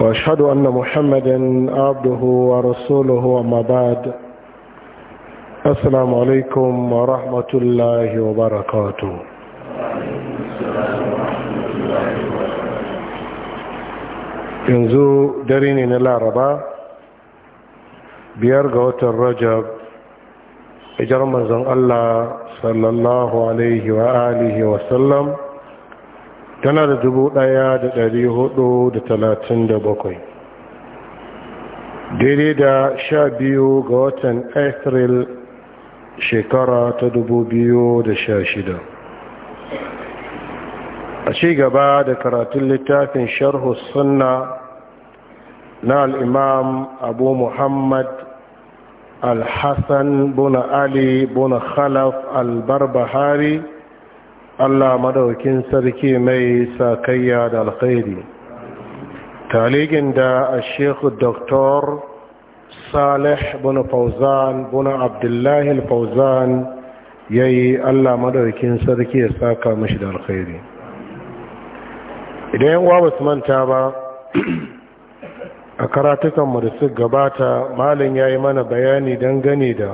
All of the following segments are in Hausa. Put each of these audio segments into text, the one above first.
واشهد ان محمدا عبده ورسوله وما بعد السلام عليكم ورحمه الله وبركاته yanzu dare ne na laraba biyar ga watan rajab ijar manzon allah sallallahu alaihi wa alihi wasallam tana da dubu ɗaya da ɗari hudu da talatin da bakwai daidai da sha biyu ga watan april shekara ta dubu biyu da sha shida a ci gaba da karatun littafin sharhu sunna na al'imam abu muhammad al-hassan buna ali buna khalaf al-barbahari Allah madaukin sarki mai sakayya da alkhairi taligin da a shekhu Saleh bin fauzan bin abdullahi fauzan yayi Allah madaukin sarki ya saka mashi da alkhairi idan wa ba su manta ba a karatukan mu da su gabata malin yayi mana bayani dangane da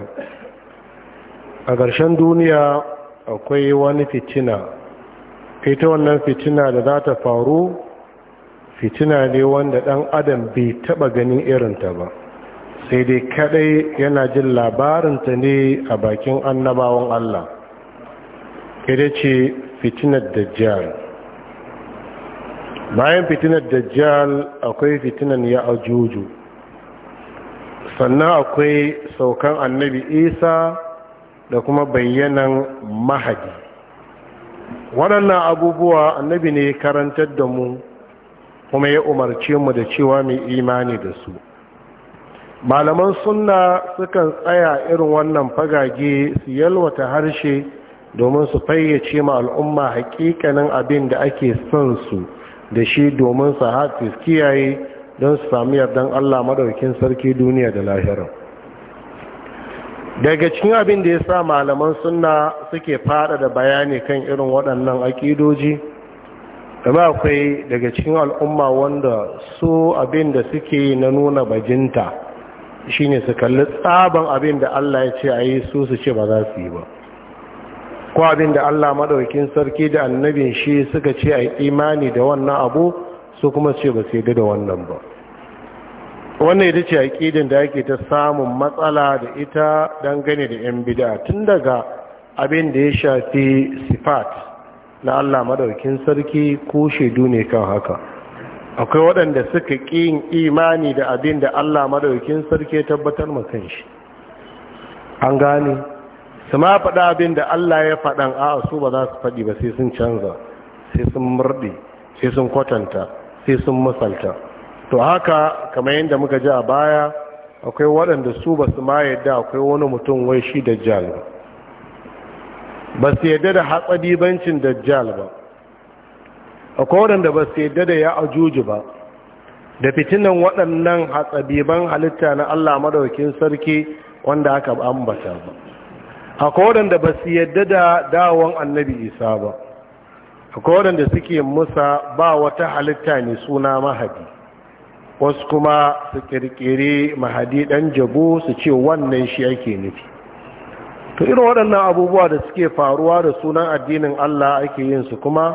a ƙarshen duniya akwai wani fitina ita wannan fitina da za ta faru fitina ne wanda ɗan adam bai taɓa ganin irinta ba sai dai kaɗai yana jin labarinta ne a bakin annabawan Allah kada ce fitinar dajjal bayan fitinar dajjal akwai fitinan ya ajuju sannan akwai saukan annabi isa da kuma bayyanan mahadi waɗannan abubuwa annabi ne karantar da mu kuma ya umarce mu da cewa mai imani da su malaman sunna sukan tsaya irin wannan fagage su yalwata harshe domin su fayyace ma al'umma hakikanin abin da ake son su da shi domin su su kiyaye don su sami yardan Allah maɗaukin sarki duniya da lahira. daga cikin abin da ya sa malaman suna suke fada da bayani kan irin waɗannan akidoji ba akwai daga cikin al'umma wanda su abin da suke na nuna bajinta shine su kalli tsaban abin da Allah ya ce a yi su su ce ba za su yi ba ko abin da Allah maɗaukin sarki da annabin shi suka ce a imani da wannan abu su kuma ce ba su yi da wannan ba wannan ita ce aƙidin da ake ta samun matsala da ita don dangane da 'yan bida tun daga abin da ya shafi sifat na Allah madaukin sarki ko shaidu ne kan haka akwai waɗanda suka ƙi imani da abin da Allah madaukin sarki tabbatar makan shi an gane su ma faɗa abin da Allah ya faɗan a su ba za su faɗi ba sai sun canza sai sun murɗe sai sun kwatanta sai sun misalta to haka kamar yadda muka ji a baya akwai waɗanda su ba su ma yadda akwai wani mutum wai shi dajjal ba ba su yadda da hatsadibancin dajjal ba akwai waɗanda ba su yadda da ya ajuji ba da fitinan waɗannan hatsabiban halitta na Allah madaukin sarki wanda aka ambata ba akwai waɗanda ba su yadda da dawon annabi isa ba akwai waɗanda suke musa ba wata halitta ne suna mahadi wasu kuma su kirkiri mahadi ɗan jabo su ce wannan shi ake nufi to irin waɗannan abubuwa da suke faruwa da sunan addinin Allah ake yin su kuma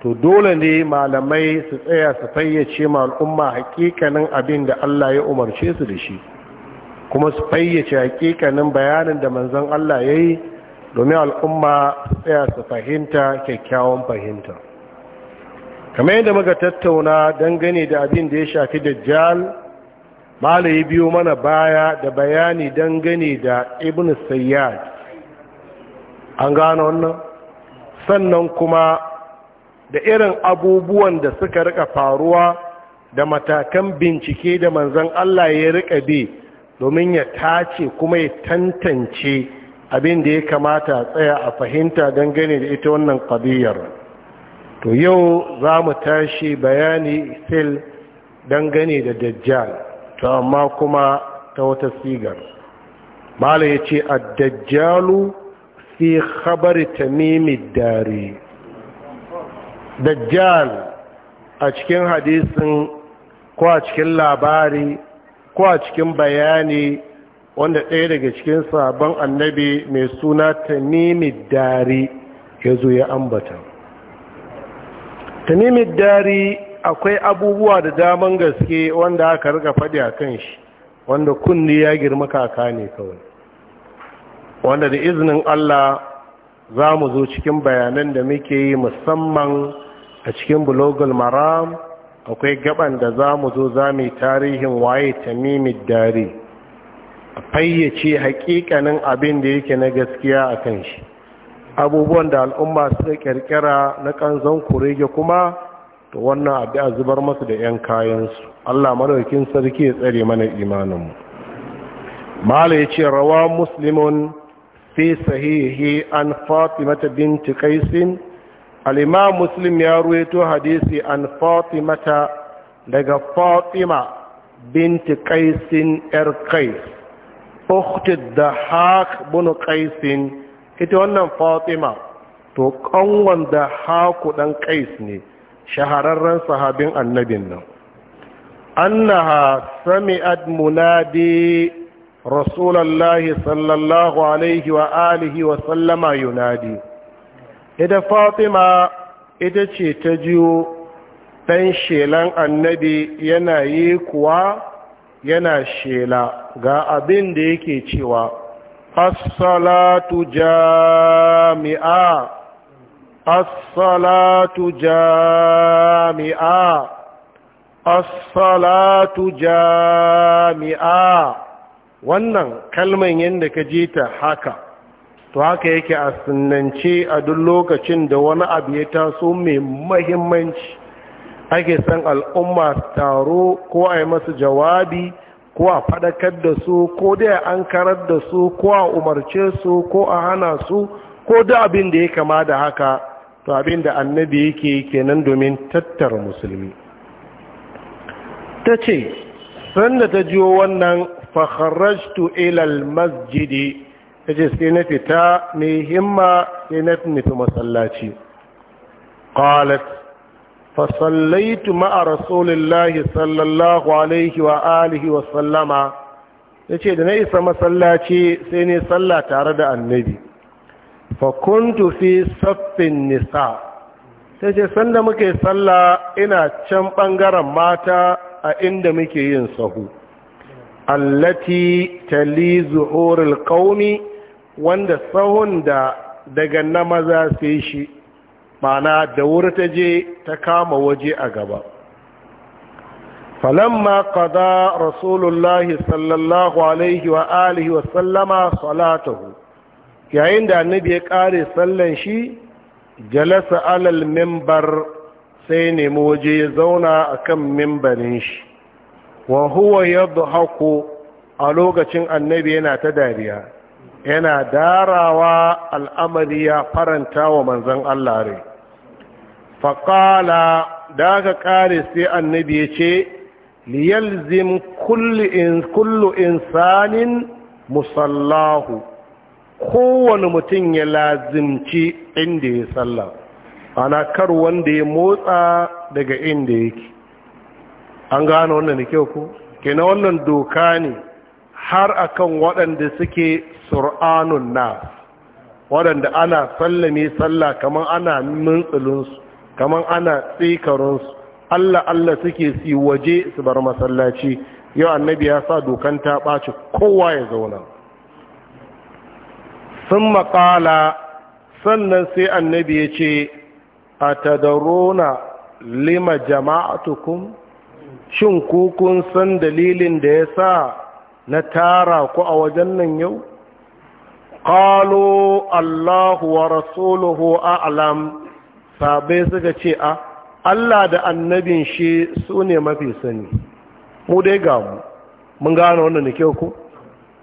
to dole ne malamai su tsaya su fayyace ma al'umma hakikanin abin da Allah ya umarce su da shi kuma su fayyace hakikanin bayanin da manzon Allah ya yi domin al'umma su tsaya su fahimta kyakkyawan fahimta kamar yadda muka tattauna dangane da abin da ya shafi dajjal malayi biyo mana baya da bayani dangane da ibn sayyad an gano wannan sannan kuma da irin abubuwan da suka rika faruwa da matakan bincike da manzan Allah ya rika bi domin ya tace kuma ya tantance abin da ya kamata a tsaya a fahimta dangane da ita wannan ƙabiyar. to yau za mu tashi bayani fil dangane da dajjal to amma kuma ta wata sigar mala ya ce a dajjalu fi khabar tamimi dare dajjal a cikin hadisin ko a cikin labari ko a cikin bayani wanda ɗaya daga cikin sabon annabi mai suna tamimi dare ya zo ya ambata tamimin dari akwai abubuwa da daman gaske wanda aka riga faɗi a kan shi wanda kunni ya girma kaka ne kawai wanda da izinin Allah za mu zo cikin bayanan da muke yi musamman a cikin bulogul maram akwai gaban da za mu zo za mu yi tarihin waye tamimin dari fayyace hakikanin abin da yake na gaskiya a kan shi abubuwan da al'umma suka kirkira na kanzon kurege kuma to wannan abu a zubar masu da 'yan kayansu allah maraukin sarki ya tsare mana imaninmu mala ya ce rawa muslimun fi sahihi an fatimata binti kaisin al'imam muslim ya ruwaito hadisi an fatimata daga fatima binti kaisin 'yar kais uktid da haƙ bunu kaisin ita wannan fatima to kanwan da haku dan kais ne shahararren sahabin annabin nan annaha sami'at munadi rasulallahi sallallahu alaihi wa alihi wa sallama yunadi ita fatima ita ce ta jiyo ɗan shelan annabi yana yi kuwa yana shela ga abin da yake cewa as-salatu jami'a as-salatu jami'a as jami'a wannan kalman yanda ka ji ta haka to haka yake a sunnance a duk lokacin da wani abu ya taso mai mahimmanci ake san al'umma taro ko a yi masa jawabi ko a faɗakar da su ko da an karar da su ko a umarce su ko a hana su ko da abin da ya kama da haka to abin da annabi yake kenan domin tattara musulmi ta ce sanda ta jiwo wannan fakharajtu ilal masjidi ta ce sai na fita mai himma sai na fi masallaci qalat fasallaitu ma'a rasulillahi sallallahu alaihi wa alihi wa sallama ya ce da na isa masallaci sai ne sallah tare da annabi fakuntu fi saffin nisa sai ce sanda muke sallah ina can ɓangaren mata a inda muke yin sahu allati tali zuhurul qaumi wanda sahun da daga na maza sai shi mana da wuri ta je ta kama waje a gaba falamma qada rasulullahi sallallahu alaihi wa alihi wa sallama salatahu yayin da annabi ya kare sallan shi jalasa alal mimbar sai nemi waje ya zauna akan mimbarin shi wa huwa yadhaku a lokacin annabi yana ta dariya yana darawa al'amari ya faranta wa manzon Allah rai faƙala da aka ƙare sai annabi ya ce liyalzim kullu insanin musallahu kowane mutum ya lazimci inda ya salla ana kar wanda ya motsa daga inda yake an gano wannan da kyau ku kena wannan doka ne har akan waɗanda suke sur'anun na waɗanda ana sallame sallah kamar ana mintsulinsu kamar ana tsikarunsu Allah Allah suke si waje su bar masallaci yau annabi ya sa dokan ta ɓaci kowa ya zauna sun maƙala sannan sai annabi ya ce a tadarona lima jama'atukum shin kun san dalilin da ya sa na tara ku a wajen nan yau ƙalo Allah wa rasuluhu a'lam sabai suka ce a Allah da annabin shi su ne mafi sani mu dai ga mu mun gano wannan da kyau ku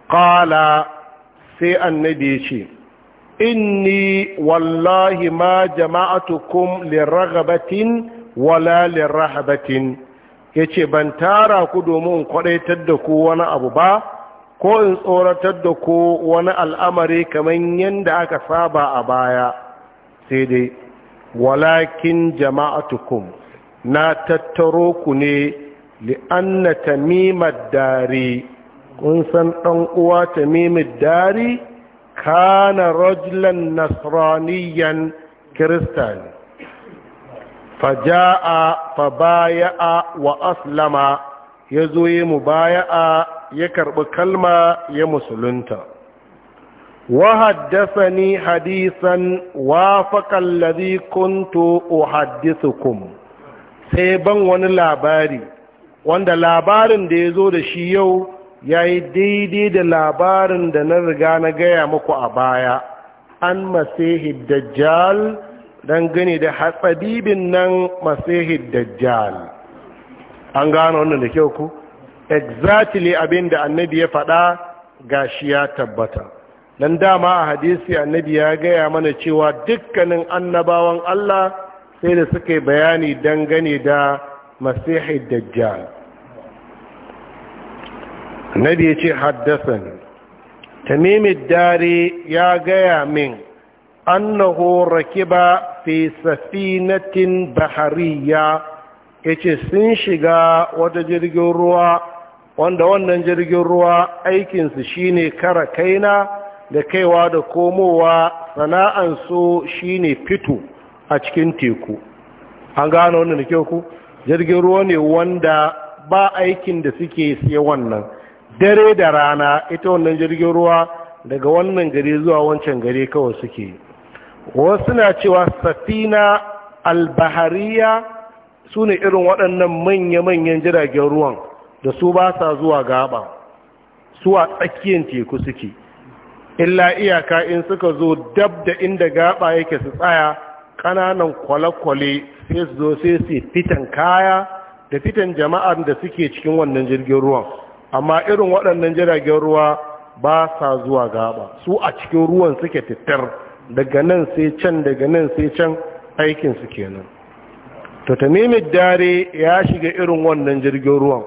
qala sai annabi ya ce inni wallahi ma jama'atukum liragabatin wala ya yace ban tara ku domin kwadaitar da ku wani abu ba ko in tsoratar da ku wani al'amari kamar yadda aka saba a baya sai dai walakin jama'atukum na tattaro ku ne li'anna tamimar dari kun san ɗan uwa tamimar dari kana rajulan nasraniyan kiristan faja'a fabaya'a wa aslama ya zo yi mubaya'a ya karɓi kalma ya musulunta وحدثني حديثا وافق الذي كنت sai ban wani labari wanda labarin da ya zo da shi yau ya yi daidai da labarin da na riga na gaya muku a baya an masihid dajjal don gani da hatsabibin nan masihid dajjal an gano wannan da kyau ku exactly abin da annabi ya faɗa gashi ya tabbata dan dama a hadisi annabi ya gaya mana cewa dukkanin annabawan Allah sai da suka yi bayani dangane da masihi dajjal annabi ya ce haddasan tamimid dare ya gaya min annahu rakiba fi safinatin bahariya yace sun shiga wata jirgin ruwa wanda wannan jirgin ruwa aikinsu shine kara kaina da kaiwa da komowa su shine fito a cikin teku an gano wannan da kyau ku jirgin ruwa ne wanda ba aikin da suke siya wannan dare da rana ita wannan jirgin ruwa daga wannan gari zuwa wancan gari kawai suke wasu na cewa safina albahariya su ne irin waɗannan manya-manyan jiragen ruwan da su ba sa zuwa gaba su a tsakiyar teku suke illa iyaka in suka zo dab da inda gaba yake su tsaya ƙananan kwale-kwale sai su zo sai su fitan kaya da fitan jama'ar da suke cikin wannan jirgin ruwan amma irin waɗannan jiragen ruwa ba sa zuwa gaba su a cikin ruwan suke tittar daga nan sai can daga nan sai can aikinsu kenan to ta dare ya shiga irin wannan jirgin ruwan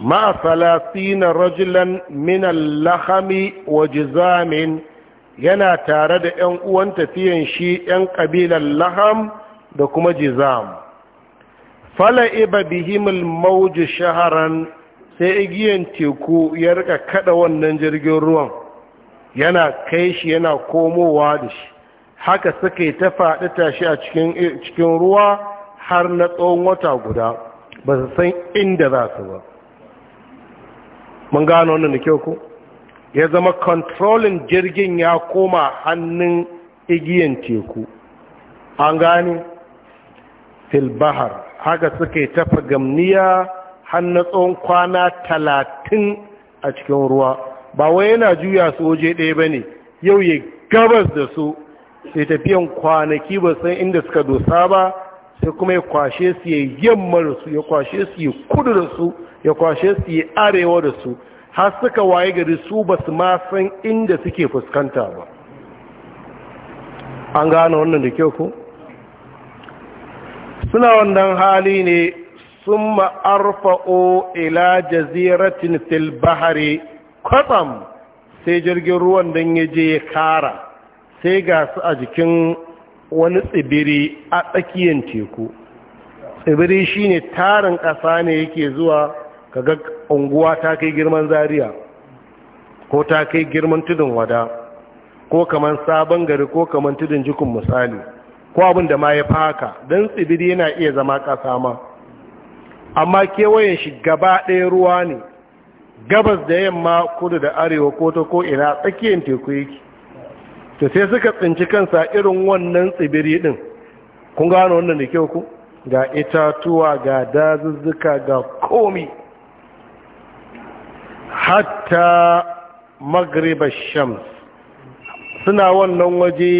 ma salasina rajulan min lahami wa jizamin yana tare da 'yan uwan tafiyan shi 'yan kabilar laham da kuma jizam fala'iba bihim al shaharan sai igiyan teku ya rika kaɗa wannan jirgin ruwan yana kai shi yana komowa da shi haka suka yi ta faɗi tashi a cikin ruwa har na tsawon wata guda ba su san inda za su ba mun gano wannan da kyau ko ya zama controlling jirgin ya koma hannun igiyan teku an gane filbahar haka suka yi tafa gamniya hannun tsawon kwana talatin a cikin ruwa ba wai yana juya su waje ɗaya ba ne yau ya gabas da su sai tafiyan kwanaki ba san inda suka dosa ba sai kuma ya kwashe su ya yi yamma da su ya kwashe su ya kudu da su ya kwashe su yi arewa da su har suka waye gari su ba su ma san inda suke fuskanta ba an gane wannan da kyau ku. suna wannan hali ne sun ma'arfa'o ila jaziratin filbahari kwatsam sai jirgin ruwan don ya je kara sai ga su a jikin wani tsibiri a tsakiyar teku tsibiri shine tarin ƙasa ne yake zuwa kaga unguwa ta kai girman Zariya ko ta kai girman tudun wada ko kaman sabon gari ko kaman tudun jikun misali ko abin da ma ya faka don tsibiri yana iya zama ƙasa ma amma kewayen shi gaba ɗaya ruwa ne gabas da yamma kudu da arewa ko ta ko ina tsakiyar teku yake to sai suka tsinci kansa irin wannan tsibiri din kun gano wannan da kyau ku ga itatuwa ga dazuzzuka ga komi hatta magribar shams suna wannan waje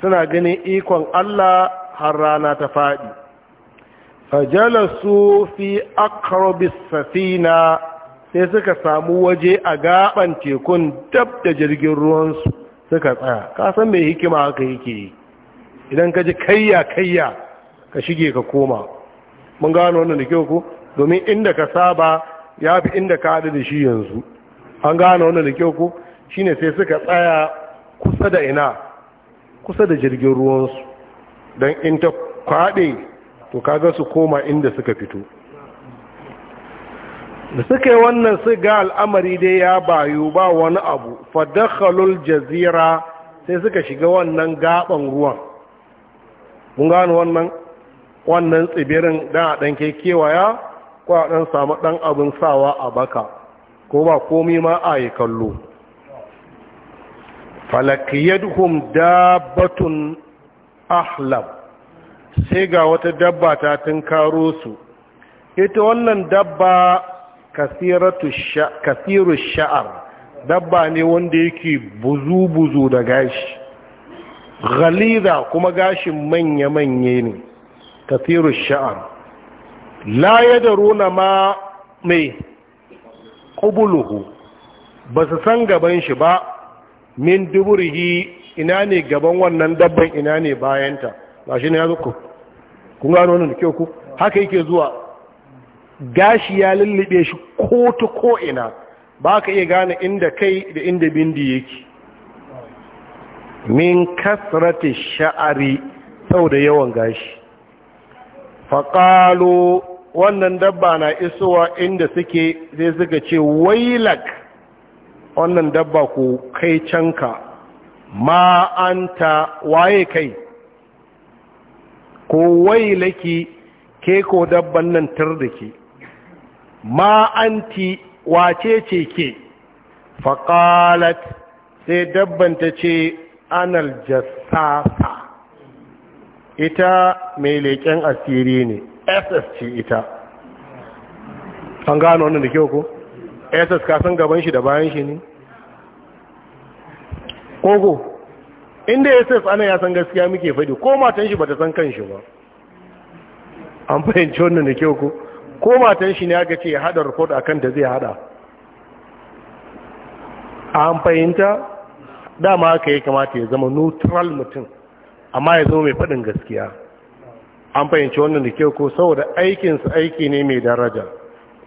suna ganin ikon Allah har rana ta faɗi fajalasu fi akarobis safina sai suka samu waje a gaban tekun dab da jirgin ruwansu suka tsaya kasan mai hikima haka yake idan ka ji kayya kayya ka shige ka koma mun gano wannan da kyau ku domin inda ka saba ya fi inda ka haɗu da shi yanzu an gane wannan da kyau ko ne sai suka tsaya kusa da ina kusa da jirgin ruwansu don in ta kwaɗe to kaga su koma inda suka fito da suka yi wannan su ga al'amari dai ya bayu ba wani abu fadakhalul jazira sai suka shiga wannan gaban ruwan mun gano wannan tsibirin da a kai kewaya ko a ɗan samu ɗan abin sawa a baka ko ba komi ma a yi kallo falakiyadhum dabbatun Ahlam sai ga wata dabba ta tun karo su ita wannan dabba kasiru sha'ar dabba ne wanda yake buzu-buzu da gashi ghaliza kuma gashin manya manya ne kasiru sha'ar la yadaruna ma mai ƙubuluhu ba su san gaban shi ba min duburihi ina ne gaban wannan dabban ina ne bayanta ba shi ne ya zuku kun gano wannan ke ku haka yake zuwa gashi ya lullube shi ko ta ko ina ba ka iya gane inda kai da inda bindi yake min kasrati sha'ari sau da yawan gashi faƙalo wannan dabba na isowa inda suke sai suka ce wailak wannan dabba ku kai canka ma ta waye kai ko wailaki ke ko dabban nan tar da ke ma wace ce ke faƙalat sai dabban ta ce anal jassasa ita mai leƙen asiri ne ss ce ita an gano wannan da kyau ko ss ka san gaban shi da bayan shi ne kogo inda ss ana ya san gaskiya muke faɗi ko matan shi bata san kanshi ba an fahimci wannan da kyau ko ko matan shi ne aka ce ya haɗa report akan da zai haɗa an fahimta dama aka yi kamata ya zama neutral mutum amma ya zama mai faɗin gaskiya an fahimci wannan da kyau ko saboda aikinsu aiki ne mai daraja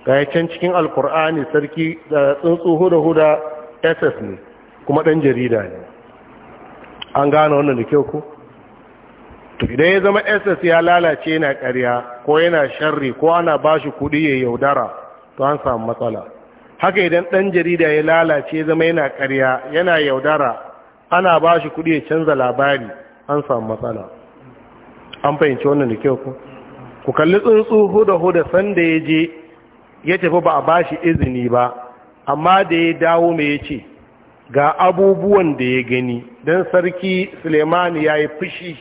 ga can cikin alkur'ani sarki da tsuntsu huda-huda ss ne kuma ɗan jarida ne an gane wannan da kyau ko to idan ya zama ss ya lalace yana karya ko yana sharri ko ana ba shi kuɗi ya yaudara to an samu matsala haka idan ɗan jarida ya lalace ya zama yana karya yana yaudara ana ba shi kuɗi ya canza labari an samu matsala an fahimci wannan da kyau ku ku kalli tsuntsu huda huda sanda ya je ya tafi ba a ba shi izini ba amma da ya dawo mai ya ce ga abubuwan da ya gani don sarki suleimani ya yi fushi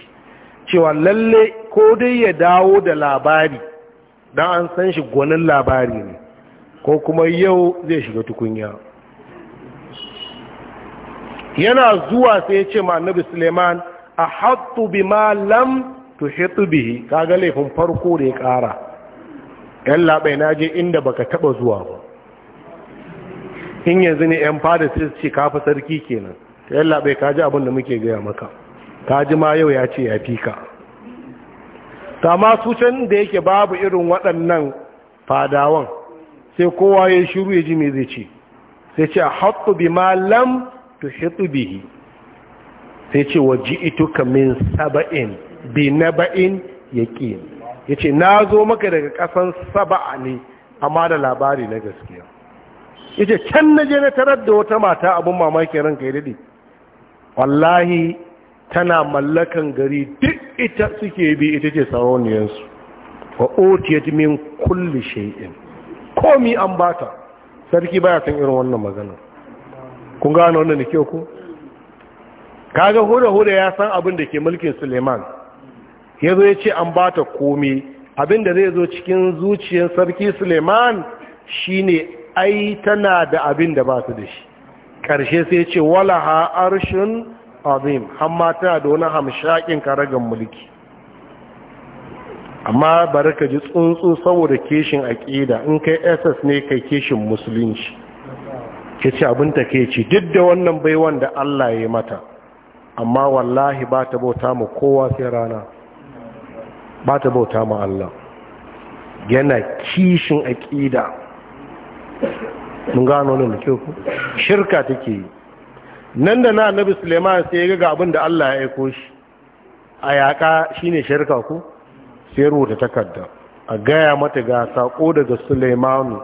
cewa lalle ko dai ya dawo da labari don an san shi gwanin labari ne ko kuma yau zai shiga tukunya yana zuwa sai ya ce ma annabi suleiman a hattu bi ma lam to hitu bihi kaga laifin farko da ya ƙara yan labai na je inda baka taba zuwa ba in yanzu ne yan fada sai ce kafa sarki kenan to yan labai ka ji abin da muke gaya maka ka ji ma yau ya ce ya fi ka ta su can da yake babu irin waɗannan fadawan sai kowa ya shiru ya ji mai zai ce sai ce a haɗu bi ma lam tu bihi sai ce wa ji ituka min saba'in bi na ba'in ƙi Ya ce na zo maka daga ƙasan saba'a ne amma da labari na gaskiya ce can na je na tarar da wata mata abin mamaki ranka ya dade wallahi tana mallakan gari duk ita suke bi ita ce sarauniyarsu wa otiyat min kulli shay'in komi an bata sarki baya san irin wannan magana kun gano wannan da kyau ko kaga hura hura ya san abin da ke mulkin Suleiman ya zo ya ce an ba ta komi abinda zai zo cikin zuciyar sarki suleiman shine ai tana da abin da ba su da shi ƙarshe sai ce wala ha arshin azim amma tana da wani hamshakin karagan mulki amma bari ka ji tsuntsu saboda keshin aƙida in kai ss ne kai keshin musulunci ke ce abin ta ke ci duk da wannan baiwan da allah ya yi mata amma wallahi ba ta bauta mu kowa sai rana ba ta bauta ma Allah yana kishin aƙida mun gano nan da ku shirka take yi nan da na annabi suleiman sai ya ga abin da Allah ya aiko shi a yaƙa shine shirka ku sai rubuta takarda a gaya mata ga saƙo daga suleimanu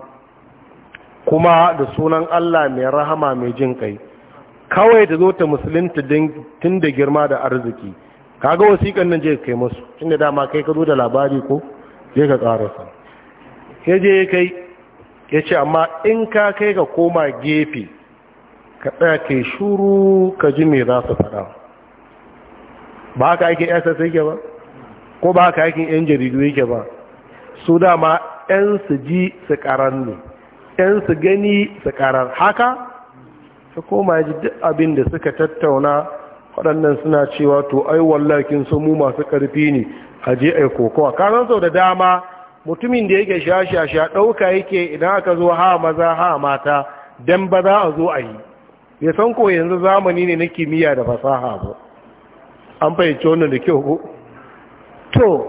kuma da sunan Allah mai rahama mai jin kai kawai ta zo ta musulunta tun da girma da arziki kaga wasiƙan nan je kai musu tunda dama kai ka zo da labari ko je ka karasa ya je ya kai ya ce amma in ka kai ka koma gefe ka tsaya ke shuru ka ji me za su faɗa ba haka aikin ss yake ba ko ba ka aikin yan jaridu yake ba su dama yan su ji su karar ne yan su gani su karar haka su koma ji duk abin da suka tattauna waɗannan suna cewa to ai wallakin su mu masu ƙarfi ne a je ai kokowa sau da dama mutumin da yake sha-sha-sha ɗauka yake idan aka zo ha maza ha mata don ba za a zo a yi ya san ko yanzu zamani ne na kimiyya da fasaha ba an fahimci wannan da kyau to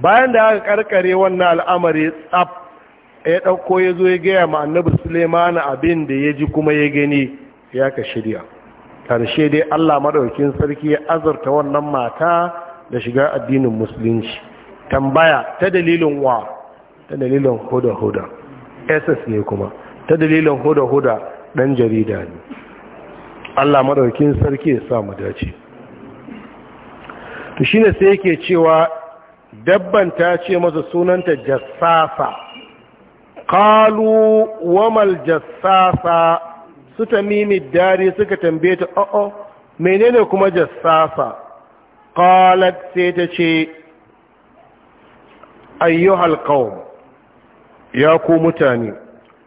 bayan da aka karkare wannan al'amari tsaf ya ɗauko ya zo ya gaya ma annabi suleimani abin da ya ji kuma ya gani ya ka shirya karshe dai Allah maɗaukin sarki ya azurta wannan mata da shiga addinin musulunci tambaya ta dalilin wa ta dalilin huda huda ss ne kuma ta dalilin huda huda dan jarida ne Allah maɗaukin sarki ya sa mu dace to shine sai yake cewa dabban ta ce masa sunanta jassasa qalu wamal jassasa su tamimi dari suka tambaye ta o'o oh, oh, menene kuma jassasa qalat sai ta ce ayyuhal qawm ya ku mutane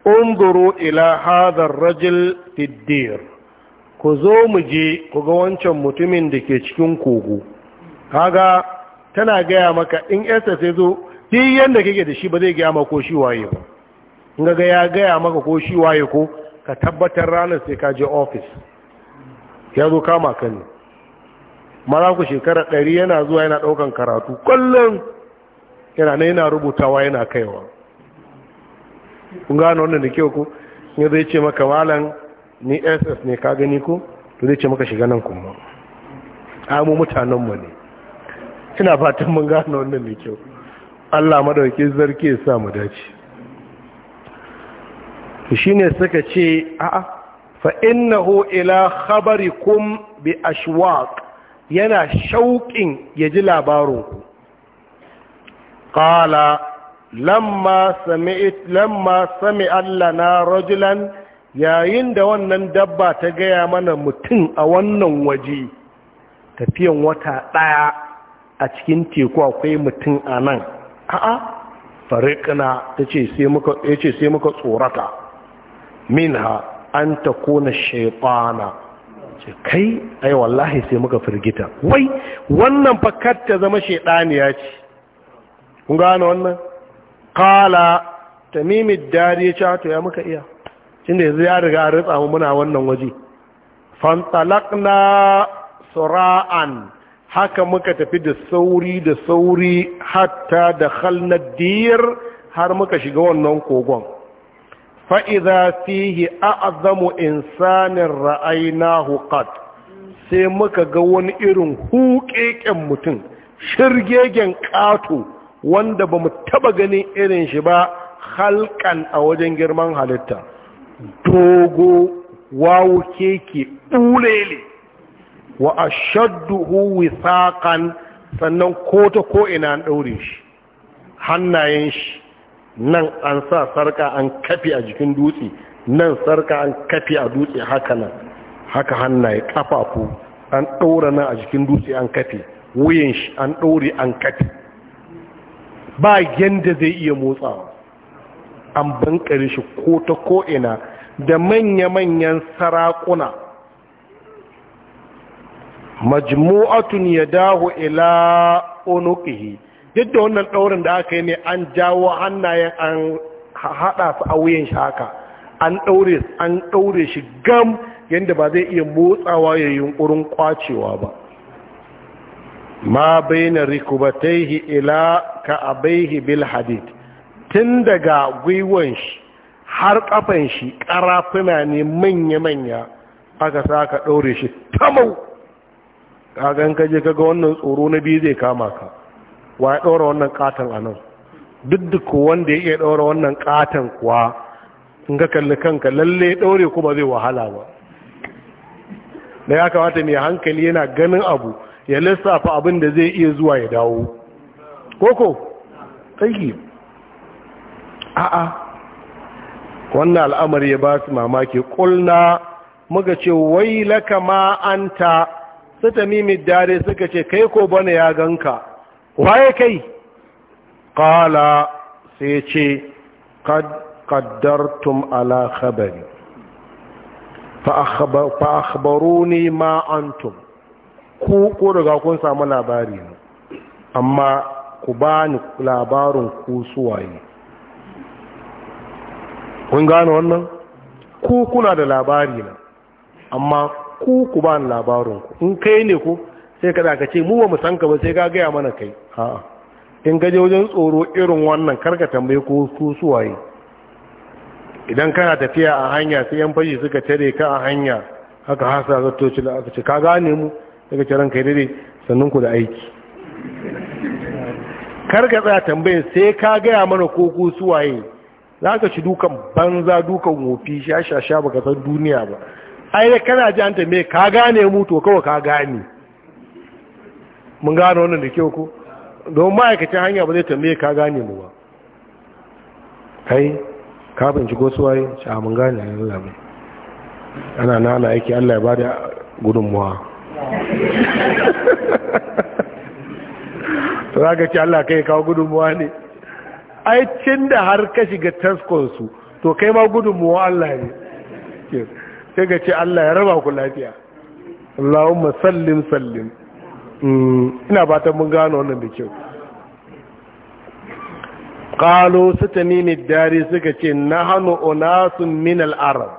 unzuru ila hadha ar-rajul ku zo mu je ku ga wancan mutumin da ke cikin kogo kaga tana gaya maka in yasa sai zo duk yanda kake da shi ba zai gaya maka ko shi waye ba in ga ya gaya maka ko shi waye ko ka tabbatar ranar sai ka je ofis ya zo kama kan ne mara ku shekara ɗari yana zuwa yana ɗaukan karatu kullum yana na yana rubutawa yana kaiwa kun gano wannan da kyau ku ya zai ce maka malam ni ss ne ka gani ku to zai ce maka shiga nan kuma amu mutanenmu ne ina fatan mun gano wannan da kyau Allah madauki zarki ya sa mu dace to shine suka ce a'a fa innahu ila khabarikum bi ashwaq yana shauƙin ya ji ku. Ƙala, lamma sami Allah na lana rajulan yayin da wannan dabba ta gaya mana mutum a wannan waje tafiyan wata ɗaya a cikin teku akwai mutum a nan a'a fariƙina ta ce sai muka tsorata minha an kona shaytana ce kai ai wallahi sai muka firgita wai wannan fakar ta zama shaiɗaniya ce kun gane wannan Kala ta dari ya ce ya muka iya cinda yanzu ya riga an ritsa mu muna wannan waje fantalakna sura'an haka muka tafi da sauri da sauri hatta da halnadiyar har muka shiga wannan kogon fa'iza fihi a'azamu insanin na hukat sai muka ga wani irin huƙeƙen mutum shirgegen ƙato wanda ba mu taɓa ganin irin shi ba halkan a wajen girman halitta dogo wawo keke ɗulele wa a shadduhu wisaƙan sannan ko ta ko'ina an ɗaure shi hannayen shi nan an sa sarka an kafi a jikin dutse nan sarka an kafi a dutse haka nan haka hannaye kafafu an ɗaura nan a jikin dutse an kafi wuyan shi an ɗaure an kafi ba yadda zai iya motsawa an bankare shi ko ta ko'ina da manya-manyan sarakuna majmu'atun ya dahu ila unuqihi duk da wannan ɗaurin da aka yi ne an jawo hannayen an haɗa su a wuyan shi haka an ɗaure an ɗaure shi gam yadda ba zai iya motsawa ya yunkurin kwacewa ba ma bai na rikubataihi ila ka abaihi bil hadid tun daga gwiwon shi har kafan shi karafuna ne manya-manya aka sa ka ɗaure shi tamau kagan kaje kaga wannan tsoro na biyu zai kama ka wa ya ɗora wannan ƙaton a nan duk duk wanda ya iya ɗora wannan ƙaton kuwa in ka kalli kanka lalle ɗaure kuma zai wahala ba da ya kamata mai hankali yana ganin abu ya lissafa abin da zai iya zuwa ya dawo koko tsayi a'a wannan al'amari ya ba su mamaki ƙulna muka ce wai laka ma'anta, an ta dare suka ce kai ko bane ya ganka waye kai ƙala sai ce ƙaddartum ala khabari fa'akhbaruni ma antum ku ko daga kun samu labari ne amma ku ba ni labarin ku suwaye kun gane wannan ku kuna da labari na amma ku ku ba ni labarin ku in kai ne ku sai ka ka ce mu ba mu san ka ba sai ka gaya mana kai a'a in ga wajen tsoro irin wannan karka tambaye ko su suwaye idan kana tafiya a hanya sai yan fashi suka tare ka a hanya haka hasa zato toci la aka ce ka gane mu daga ciran kai dare sannan ku da aiki karka tsaya tambaye sai ka gaya mana ko ku suwaye za ka ci dukan banza dukan wofi sha sha sha baka san duniya ba ai kana ji an tambaye ka gane mu to kawai ka gane mun gano wannan da ke ko don ma'aikacin hanya ba zai tambaye ka gane mu ba kai ka binci ko suwaye a mun gane a yanzu zaɓe ana nana aiki allah ya bada gudunmuwa to za ka ce allah kai kawo gudunmuwa ne ai cin da har ka shiga taskonsu to kai ma gudunmuwa allah ne sai ka ce allah ya raba ku lafiya allahumma sallim sallim Mm, ina fatan mun gano wannan da kyau ta nini dare suka ce na hannu unasun min al-arab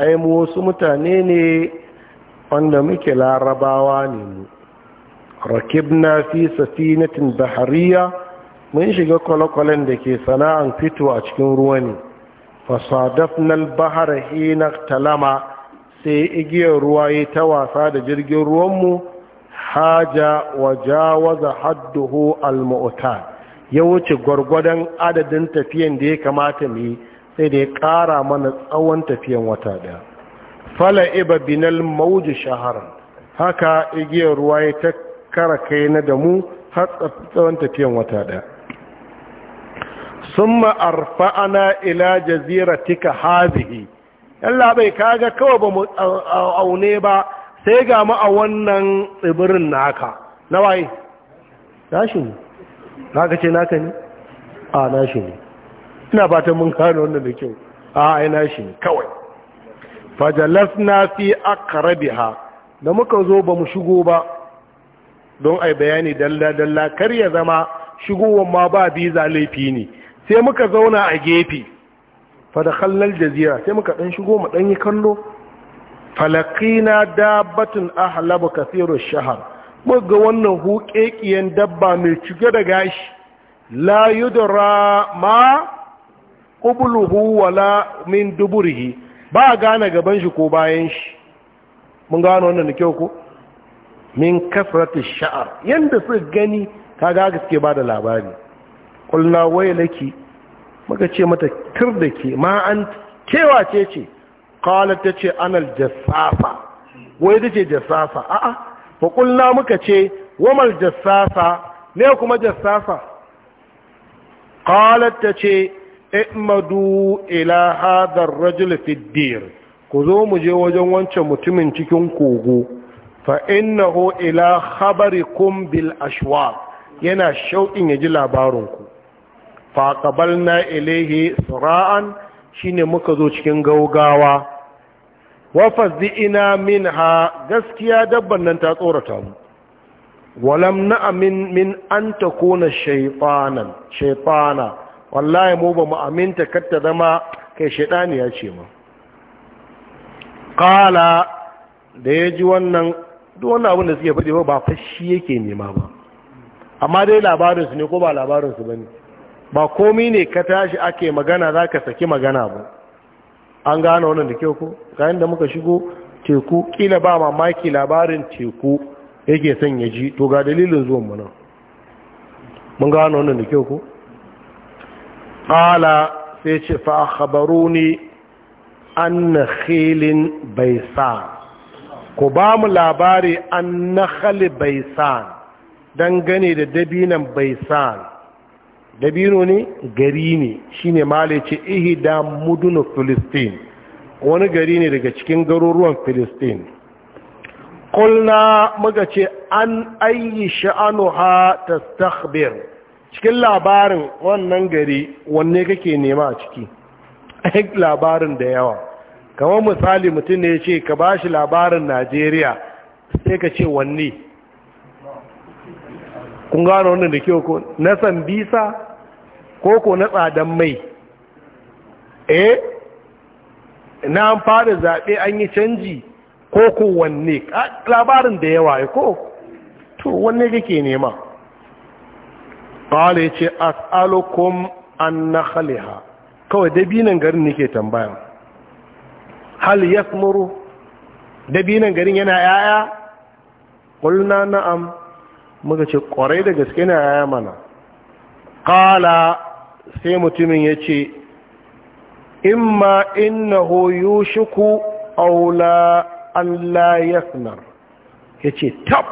ai mu wasu mutane ne wanda muke larabawa ne mu rakibna fi safinatin bahariya mun shiga kwale-kwalen da ke sana'an fito a cikin ruwa ne fasadafnal bahar hina talama sai igiyar ruwa ya ta wasa da jirgin ruwanmu haja wa jawaza hadduhu al ya wuce gwargwadon adadin tafiyan da ya kamata mu sai da ya ƙara mana tsawon tafiyan wata ɗaya fala iba binal haka igiyar ruwa ya ta kara kai na da mu har tsawon tafiyan wata ɗaya summa arfa'ana ila jaziratika hazihi yalla bai kaga kawai ba mu aune ba sai ga ma'a wannan tsibirin naka na waye nashi ne naka ce naka ne a nashi ne ina fatan mun kano wannan da kyau a ai nashi ne kawai na fi ha. da muka zo ba mu shigo ba don ai bayani dalla dalla kar ya zama shigowar ma ba biza laifi ne sai muka zauna a gefe fa da jazira sai muka dan shigo mu dan yi kallo falakina dabbatun ahlabu kathiru shahar muga wannan huƙeƙiyen dabba mai cike da gashi la yudra ma qubluhu wala min duburihi ba gane gaban shi ko bayan shi mun gano wannan da kyau ko min kasratu sha'ar yanda su gani kaga ga suke da labari qulna Laki, muka ce mata tir da ma an kewace ce qala ce anal jassafa wai tace jassafa a'a fa muka ce wamal jassafa ne kuma jassafa qalat tace imadu ila Hadar ar-rajul ku zo mu je wajen wancan mutumin cikin kogo fa innahu ila khabarikum bil yana shauƙin ya ji labarinku fa qabalna ilayhi sira'an shine muka zo cikin gaugawa wafas ina min ha gaskiya dabban nan ta tsorata mu walam na amin min an ta kona shaifanan shaifana wallaye mu ba mu aminta katta zama kai shaidani ya ce ma kala da ya ji wannan duk abin da suke faɗi ba fashi yake nema ba amma dai labarinsu ne ko ba labarinsu ba ne ba komi ne ka tashi ake magana za ka saki magana ba an gane wannan da kyau ko kayan da muka shigo teku kila ba mamaki labarin teku yake son ya ji to ga dalilin zuwan mana, mun gane wannan da kyau ko qala sai ce fa akhbaruni anna khilin sa, ku ba mu labari an khali sa, dangane da dabinan sa. dabino ne gari ne shine mala ce ihda mudunu filistin wani gari ne daga cikin garuruwan filistin kulna muka ce an ayi ta tastakhbir cikin labarin wannan gari wanne kake nema a ciki ai labarin da yawa kamar misali mutum ne ce ka bashi labarin Najeriya sai ka ce wanne kun gano wannan da kyau ko na sambisa ko ko na tsadan mai eh na an fara zaɓe an yi canji ko ko wanne labarin da yawa ya ko to wanne kake nema ƙwale ce as'alukum an na haliha kawai dabinan garin nake tambaya hal ya muru dabinan garin yana yaya ƙulna na'am muka ce ƙwarai da gaske na yaya mana ƙala sai mutumin ya ce imma innahu yushuku aula Allah ya sanar. ya ce tab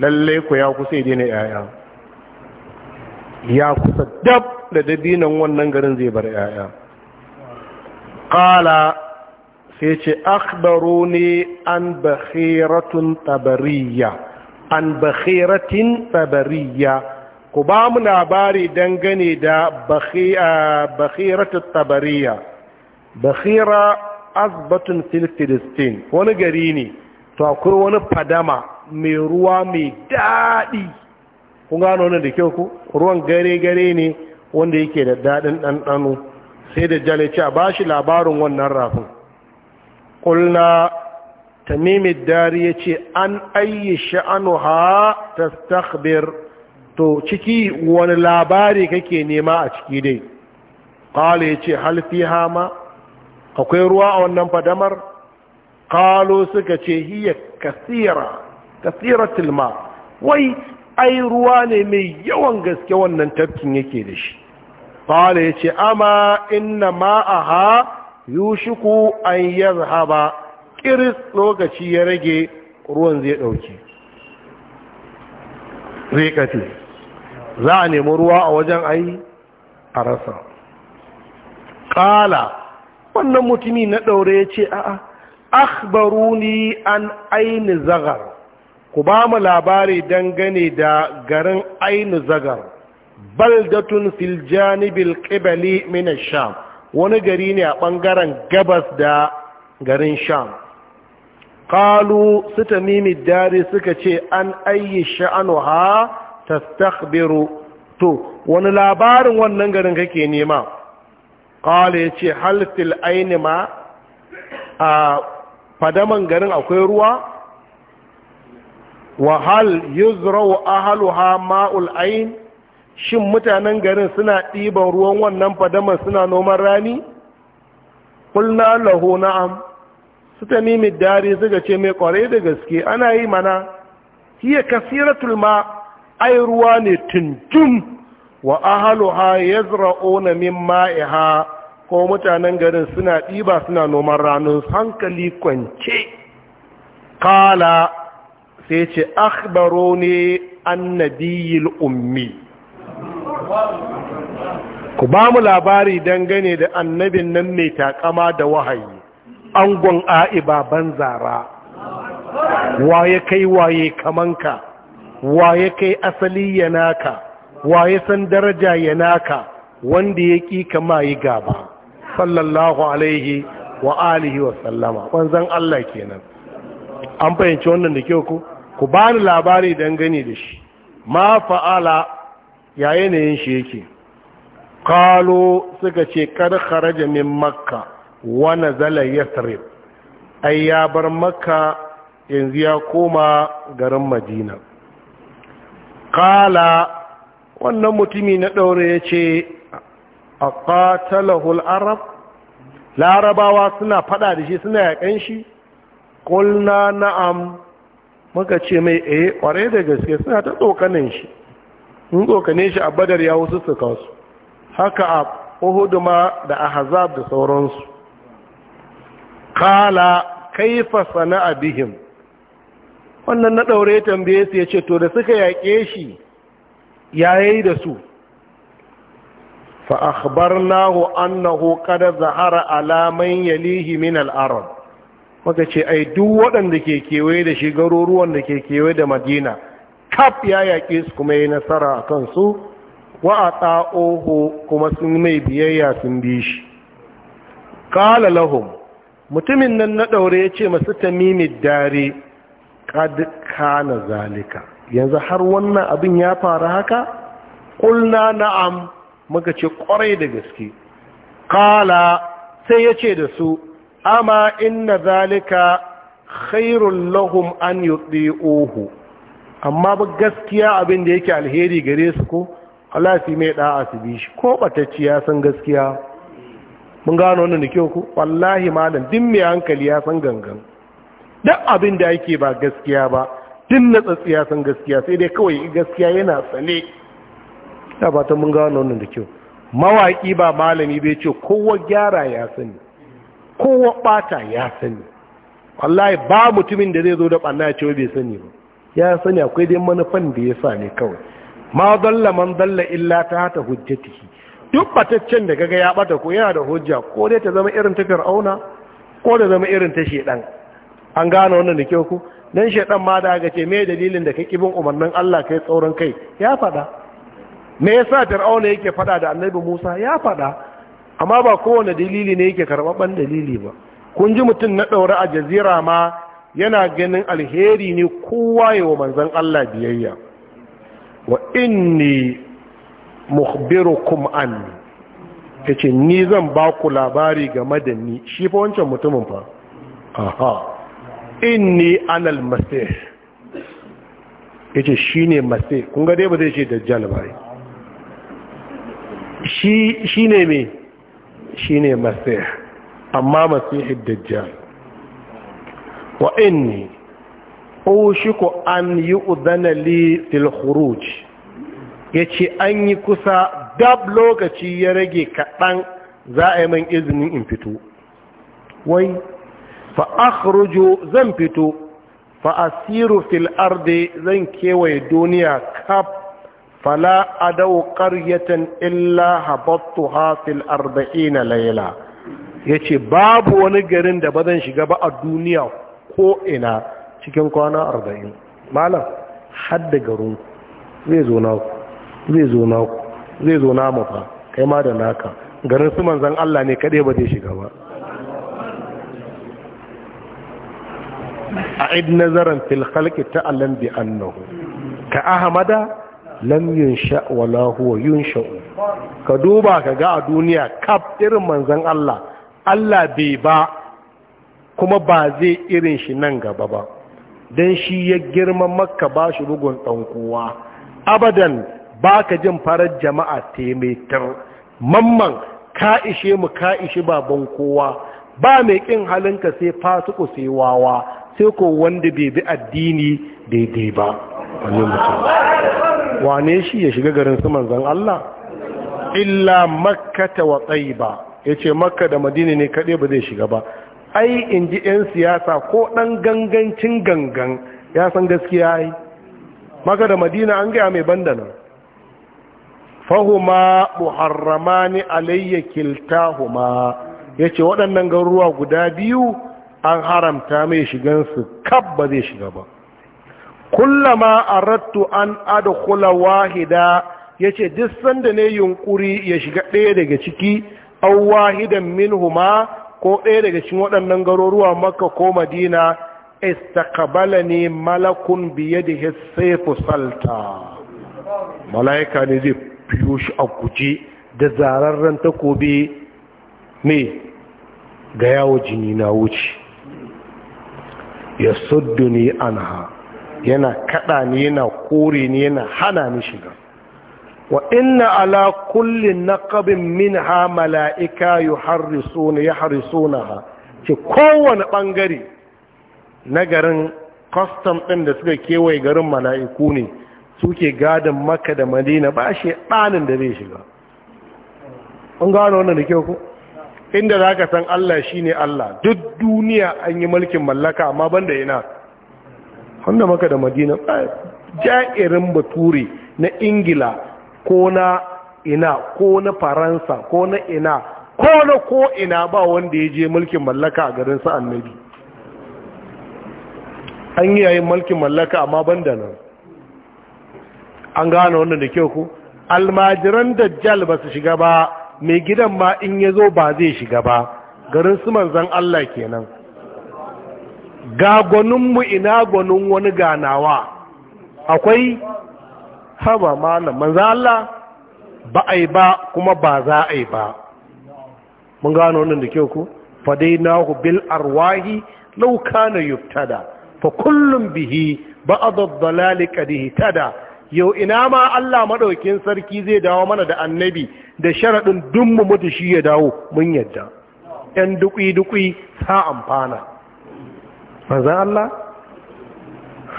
lallai ku ya kusa ya daina yaya ya kusa dab da dabinan wannan garin zai bar yaya kala sai ce akbaro ne an bakheratun tabariya an bakheratun tabariya ku ba mu labari dangane da bakhiratu tabariya bakhira azbatun filistin wani gari ne to akwai wani fadama mai ruwa mai daɗi kun gano wannan da kyau ku ruwan gare-gare ne wanda yake da daɗin ɗanɗano sai da jalice a ba shi labarin wannan rafin ƙulna tamimid dari ya ce an ayyi anu ha ta stakbir to ciki wani labari kake nema a ciki dai ƙala ya ce halfi hama akwai ruwa a wannan fadamar ƙalo suka ce hiya kasira kasira tilma wai ai ruwa ne mai yawan gaske wannan tafkin yake da shi ƙala ya ce ama inna shi yushiku an yazhaba kiris lokaci ya rage ruwan zai ɗauki zai ƙafi za a nemi ruwa a wajen ayi a rasa ƙala wannan mutumi na ɗaure ya ce a'a ni an aini zagar ku ba mu labari dangane da garin aini zagar baldatun fil janibil ƙibali sham wani gari ne a ɓangaren gabas da garin sham ƙalu su tamimi dare suka ce an sha'anu ha. tastakhbiru to wani labarin wannan garin kake nema qala yace hal fil aini ma a fadaman garin akwai ruwa wa hal yuzra'u ahluha ma'ul ain shin mutanen garin suna ɗiban ruwan wannan fadaman suna noman rani kulna lahu na'am su tamimi dari suka ce mai kwarai da gaske ana yi mana hiya kasiratul ma' ai ruwa ne tuntun wa ahaluha yazra'una min ma'iha ko mutanen garin suna ɗiba suna noman ranar hankali kwance kala sai ce akhbaro ne annabiyil ummi ku ba mu labari dangane da annabin nan mai takama da wahayi angon a'iba banzara waye kai waye kamanka wa ya kai asali ya naka wa ya san daraja ya naka wanda ya ƙi kama yi gaba sallallahu alaihi wa alihi wa sallama wanzan Allah kenan an fahimci wannan da ke ku ku bani labari don gani da shi ma fa'ala ya yanayin shi yake kalo suka ce kar kharaja min makka wa nazala yathrib ai ya bar makka yanzu ya koma garin madina kala wannan mutumi na ɗaure ya ce a ƙatalahul arab larabawa suna faɗa da shi suna yakan shi ƙulna na'am muka ce mai eh ƙware da gaske suna ta tsokanin shi in tsokane shi a badar ya wasu su kansu haka a uhuduma da hazab da sauransu kala kaifa sana'a bihim wannan na ɗaure tambaye su ya ce to da suka yaƙe shi ya yi da su fa akhbarnahu annahu ƙada zahara ala yalihi min al’arar arab ce ai duk waɗanda ke kewaye da shi garuruwan da ke kewaye da madina kaf ya yaƙe su kuma yi nasara a kansu wa a ta'oho kuma sun mai biyayya sun bi shi kala lahum mutumin nan na ɗaure ya ce masu tamimin dare kad kana zalika yanzu har wannan abin ya faru haka kulna na'am muka ce kwarai da gaske qala sai ya ce da su amma inna zalika khairul lahum an yudhi'uhu amma ba gaskiya abin da yake alheri gare su ko Allah su mai da'a su bi shi ko batacci ya san gaskiya mun gano wannan da kyau ko? wallahi malam din mai hankali ya san gangan duk abin da yake ba gaskiya ba tun na tsatsiya san gaskiya sai dai kawai gaskiya yana tsale ta fatan mun gano wannan da kyau mawaƙi ba malami bai ce kowa gyara ya sani kowa ɓata ya sani wallahi ba mutumin da zai zo da ɓanna ce bai sani ba ya sani akwai dai manufan da ya sa kawai ma dalla man dalla illa ta hata hujjatihi duk bataccen da kaga ya bata ko yana da hujja ko dai ta zama irin ta fir'auna ko da zama irin ta shedan an gane wannan da kyau ku dan shedan ma da ga ce me dalilin da kake bin umarnin Allah kai tsauran kai ya fada me yasa fir'auna yake fada da annabi Musa ya fada amma ba kowane dalili ne yake ban dalili ba kun ji mutum na ɗaura a jazira ma yana ganin alheri ne kowa yi wa manzan Allah biyayya wa inni mukhbirukum anni kace ni zan ba ku labari game da ni shi fa wancan mutumin fa aha inni anal masih yace shine masih kun ga dai ba zai ce dajjal ba shi shine me shine masih amma masihid dajjal wa inni ushiku an yu'dhana li fil khuruj yace an yi kusa dab lokaci ya rage kaɗan za a yi man izinin in fito wai fa akhruju zan fito fa asiru fil ardi zan kewaye duniya kaf fala adau qaryatan illa habattuha fil arba'ina layla yace babu wani garin da bazan shiga ba a duniya ko ina cikin kwana arba'in. malam hadda garin zai zo naku zai zo naku zai zo namu fa kai ma da naka garin su manzon Allah ne kadai ba zai shiga ba a id nazaran fil khalqi ta'lam bi annahu ka ahmada lam yunsha wala huwa yunsha ka duba ka ga a duniya kaf irin manzon Allah Allah bai ba kuma ba zai irin shi nan gaba ba dan shi ya girma makka ba shi bugun kowa abadan ba ka jin farar jama'a taimaitar mamman ka ishe mu ka ishe baban kowa ba mai ƙin halinka sai fasuku sai wawa sai ko wanda bai bi addini daidai ba wani mutum wane shi ya shiga garin su manzan Allah illa makkata wa ba. ya ce makka da madina ne kaɗai ba zai shiga ba ai in ji 'yan siyasa ko ɗan gangancin gangan ya san gaskiya yi Makka da madina an gaya mai banda nan fahuma muharramani alayya Ya ce waɗannan garuruwa guda biyu an haramta mai shigansu kab ba zai shiga ba kullama arattu an adkhula wahida yace duk sanda ne yunkuri ya shiga ɗaya daga ciki aw wahidan minhuma ko ɗaya daga cikin waɗannan garuruwa makka ko madina istaqbalani malakun bi yadihi sayfu salta malaika ne zai fiyo shi a guje da zararren takobi ne ga yawo jini na wuce ya suddu ni anha yana kada ni yana kore ni yana hana ni shiga wa inna ala kulli naqabin minha mala'ika yuharrisuna ha, ce kowane bangare na garin custom din da suka kewaye garin mala'iku ne suke gadin maka da madina ba shi ɗanin da zai shiga an gano wannan da kyau ku inda za ka san Allah shi ne Allah duk duniya an yi mulkin mallaka amma banda ina wanda maka da madina ja'irin bature na ingila ko na ina ko na faransa ko na ina ko na ko ina ba wanda ya je mulkin mallaka a garin sa annabi an yi yayin mulkin mallaka amma banda nan an gane wanda da kyau ku almajiran dajjal ba su shiga ba mai gidan ma in ya zo ba zai shiga ba garin su manzan Allah kenan ga gwaninmu ina gwanin wani ganawa akwai haba malam manzan Allah ba a yi ba kuma ba za a yi ba mun gano wannan da kyau ku na ku bil arwahi lauka na yuftada fa kullum bihi ba a dalal qad tada, yau ina ma Allah maɗaukin sarki zai dawo mana da annabi da sharaɗin duk mu mutu shi ya dawo mun yadda yan duƙi duƙi ta amfana manzan Allah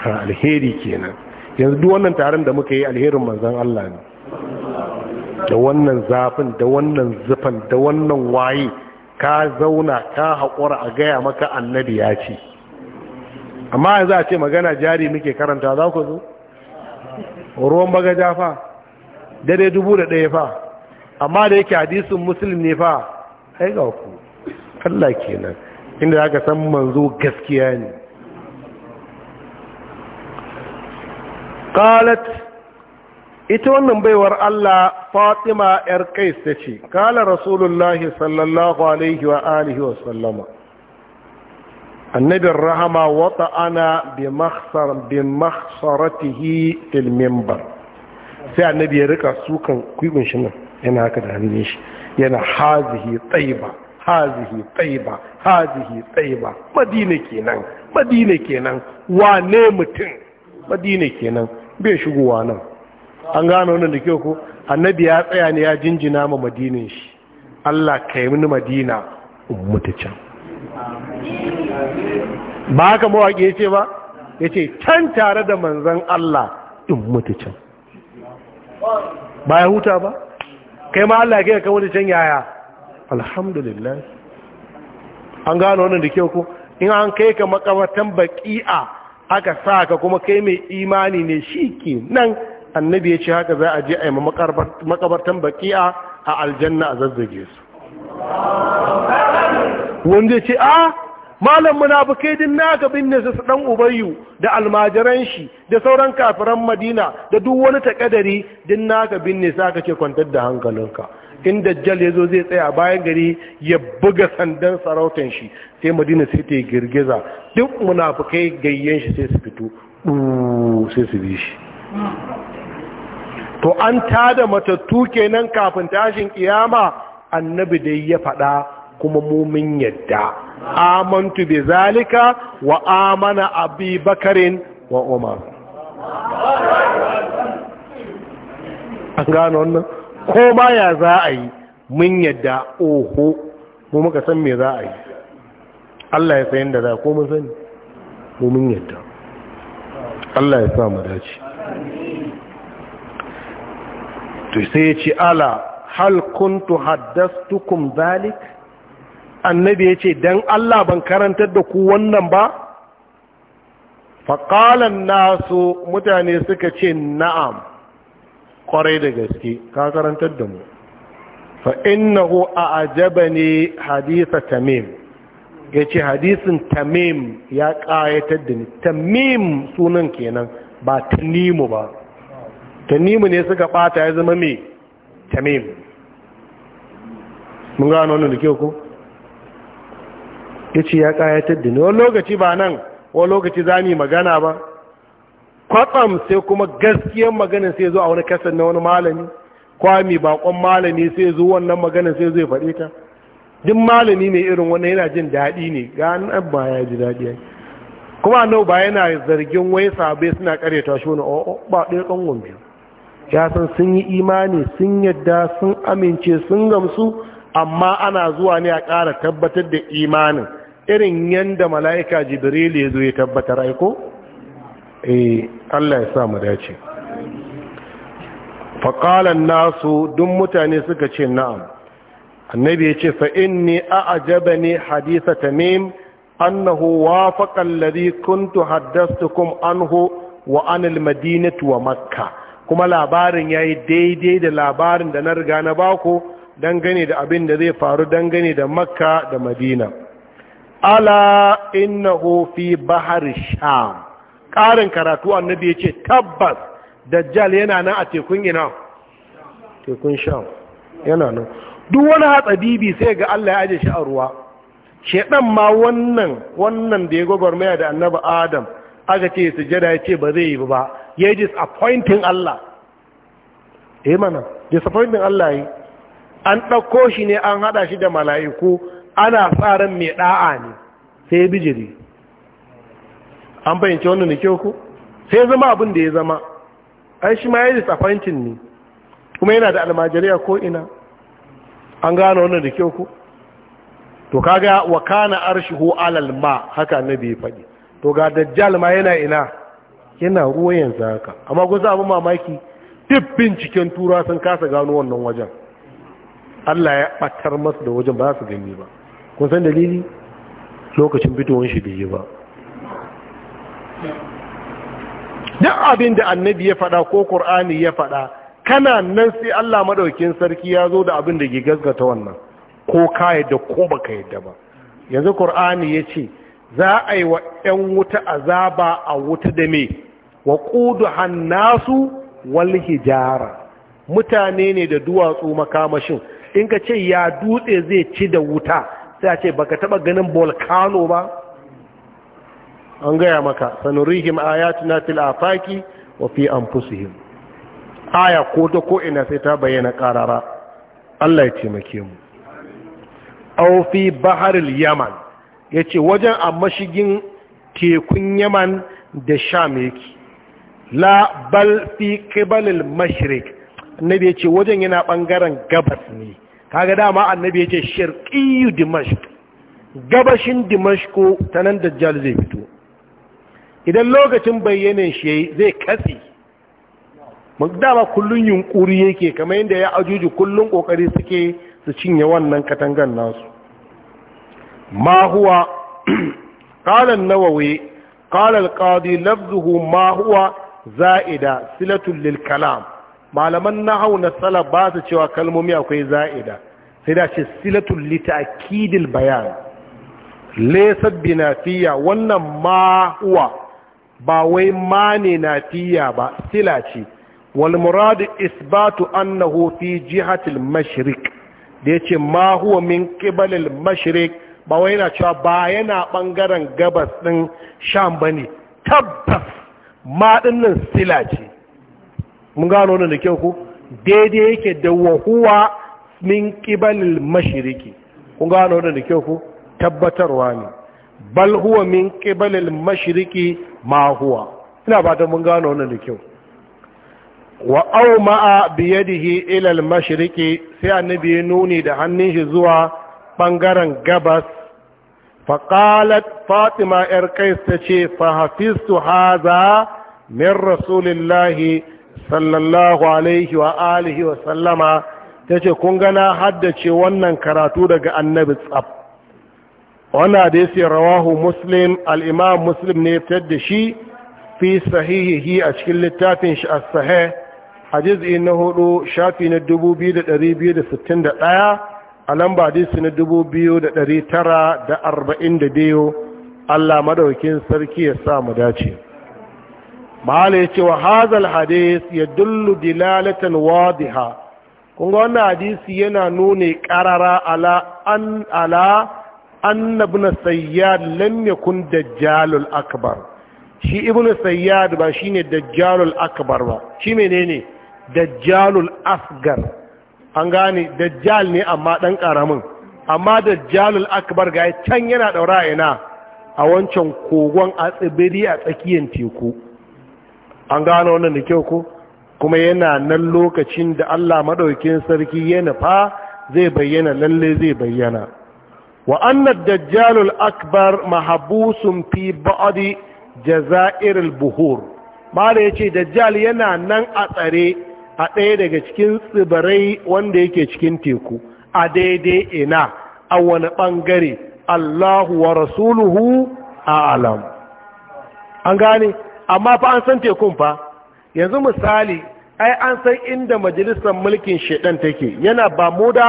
alheri kenan yanzu duk wannan taron da muka yi alherin manzan Allah ne da wannan zafin da wannan zufan da wannan waye ka zauna ka haƙura a gaya maka annabi ya ce amma za a ce magana jari muke karanta za ku zo ruwan baga jafa dare dubu da ɗaya fa amma da yake hadisun musulun ne fa ai ga ku Allah kenan inda aka san manzo gaskiya ne qalat ita wannan baiwar Allah Fatima yar Qais tace kala Rasulullah sallallahu alaihi wa alihi wa sallama annabi rahama wata ana bi makhsar bi makhsaratihi fil minbar sai annabi ya rika sukan kuibin shi nan yana haka da hannun shi yana hazihi tsaiba hazihi tsaiba hazihi tsaiba madina kenan madina kenan wane mutum madina kenan bai shigowa nan an gano nan da kyau ko annabi ya tsaya ne ya jinjina ma madinin shi Allah ka yi mini madina ummata can ba haka mawaƙi ya ce ba ya ce can tare da manzan Allah ummata can ba ya huta ba kai ma Allah ya kai ka wani can yaya alhamdulillah an gano wannan da kyau ko in an kai ka makabartan baqi'a aka sa ka kuma kai mai imani ne shike nan annabi ya ce haka za a je a yi makabartan baqi'a a aljanna a zazzage su wanda ce a ah, malam munafikai din naka binne su dan ubayyu da almajiran shi da sauran kafiran madina da duk wani takadari din naka binne sa ka ce kwantar da hankalinka in dajjal ya zo zai tsaya bayan gari ya buga sandan sarautan shi sai madina sai ta girgiza duk munafikai gayyen shi sai su fito sai su bi to an tada matattu kenan kafin tashin kiyama annabi dai ya faɗa kuma mu mun yadda amantu bi zalika wa amana abi bakarin wa umar an gano wannan ko ma ya za a yi mun yadda oho mu muka san me za a yi Allah ya sayin da za ko mun sani mu mun yadda Allah ya sa mu dace to sai ya ce ala hal kuntu haddastukum zalik annabi ya ce don Allah ban karantar da ku wannan ba faƙalan nasu mutane suka ce na'am ƙwarai da gaske ka karantar da mu fa'innahu a ajaba ne hadisa tamim ya ce hadisin tamim ya ƙayatar da ni tamim sunan kenan ba tanimu ba tanimu ne suka ɓata ya zama mai tamim mun gano wani da kyau ko ya ce ya ƙayatar da ni wani lokaci ba nan wani lokaci za mu yi magana ba kwatsam sai kuma gaskiyar maganin sai zo a wani kasar na wani malami kwami bakon malami sai zo wannan maganin sai zo ya faɗe ta duk malami mai irin wannan yana jin daɗi ne ga an ba ya ji daɗi ya kuma annau ba yana zargin wai sabai suna karyata shi wani o'o oh, oh, ba ɗaya ƙangon biyu ya san sun yi imani sun yadda sun amince sun gamsu amma ana zuwa ne a ƙara tabbatar da imanin irin yanda mala'ika jibril ya zo ya tabbatar aiko eh Allah ya sa dace faƙalan nasu duk mutane suka ce na'am annabi ya ce fa'in ne a ajaba ne hadisa tamim annahu wafaƙan lari kuntu haddastukum anhu wa anil madinatu wa makka kuma labarin ya yi daidai da labarin da na riga na baku dangane da abin da zai faru dangane da makka da madina ala innahu fi bahar sham ƙarin karatu annabi yace ce tabbas dajjal yana nan a tekun ina tekun sham yana nan duk wani hatsabibi sai ga Allah ya aje shi a ruwa shedan ma wannan wannan da ya gwagwarmaya da annabi adam aka ce sujada ya ce ba zai yi ba ya yi disappointing Allah eh mana disappointing Allah yi an ɗauko shi ne an haɗa shi da mala'iku ana sa ran mai da'a ne sai ya bijiri an fahimci wannan da kyau ku sai ya zama abin da ya zama ai shi ma ya tsafancin ne kuma yana da almajariya ko ina an gano wannan da kyau ko to kaga wa kana ko alal ma haka na bai faɗi to ga dajjal ma yana ina yana ruwa yanzu haka amma ku za abin mamaki duk binciken tura sun kasa gano wannan wajen Allah ya ɓatar masu da wajen ba su gani ba kun san dalili lokacin fitowar shi bai yi ba duk abin da annabi ya faɗa ko ƙur'ani ya faɗa kana nan sai Allah madaukin sarki ya zo da abin da ke gaskata wannan ko ka yadda ko baka yadda ba yanzu kur'ani ya ce za a yi wa 'yan wuta azaba a wuta da me wa ƙudu hannasu wal hijara mutane ne da duwatsu makamashin in ka ce ya dutse zai ci da wuta sai a ce baka taba ganin volcano ba an gaya maka sanurihim ayatuna fil afaki wa fi anfusihim aya ko ta ko ina sai ta bayyana karara Allah ya taimake mu au fi baharil yaman yace wajen a mashigin tekun yaman da sham yake la bal fi qibalil mashriq annabi yace wajen yana bangaren gabas ne kaga dama annabi ya ce shirkiyu dimashq gabashin dimashq ta nan dajjal zai fito idan lokacin bayyanin shi zai katse dama kullun yunkuri yake kamar yadda ya ajuji kullum kokari suke su cinye wannan katangan nasu ma huwa qala an-nawawi qala al-qadi lafzuhu ma huwa za'ida silatun lil kalam malaman nahau na tsala ba su cewa kalmomi akwai za'ida sai da ce silatul litakidil bayan Lesar binafiya wannan ma ba wai ma ne nafiya ba sila ce wal muradu isbatu annahu fi jihatil mashrik da yace ma huwa min kibalil mashrik ba wai yana cewa ba yana bangaren gabas din sham bane tabbas ma dinnan sila ce mun gano wannan da kyau ku? daidai yake da wahuwa min kibalil mashiriki. kun gano wannan da kyau ku? tabbatarwa ne bal huwa min kibalil mashiriki ma huwa ina ba mun gano wannan da kyau wa bi yadihi ila al-mashriqi sai annabi ya nuni da hannun shi zuwa bangaren gabas fa qalat fatima yar kais tace fa hafiztu hadha min rasulillahi sallallahu alaihi wa alihi wa sallama ta ce kun gana haddace wannan karatu daga annabi tsab wannan da ya rawahu muslim al'imam muslim ne fitar da shi fi sahihihi a cikin littafin shi a sahih a jiz'i na hudu shafi na 2261 a lamba hadisi na 2942 Allah madaukin sarki ya sa mu dace mahala ya ce wa hazal hadis ya dullu dilalatan wadiha kun ga wannan hadisi yana nuna karara ala an ala annabna sayyad lam yakun dajjalul akbar shi Ibn sayyad ba shine dajjalul akbar ba shi menene dajjalul asgar an gane dajjal ne amma dan karamin amma dajjalul akbar ga can yana daura ina a wancan kogon a tsibiri a tsakiyar teku an gano wannan da kyau ko kuma yana nan lokacin da Allah madaukin sarki ya nufa zai bayyana lalle zai bayyana wa anna dajjal akbar mahbusun fi ba'd jazair al-buhur mala yace dajjal yana nan a tsare a ɗaya daga cikin tsibirai wanda yake cikin teku a daidai ina a wani ɓangare Allahu wa rasuluhu a alam an gane amma fa an san tekun fa yanzu misali ai an san inda majalisar mulkin shedan take yana Bermuda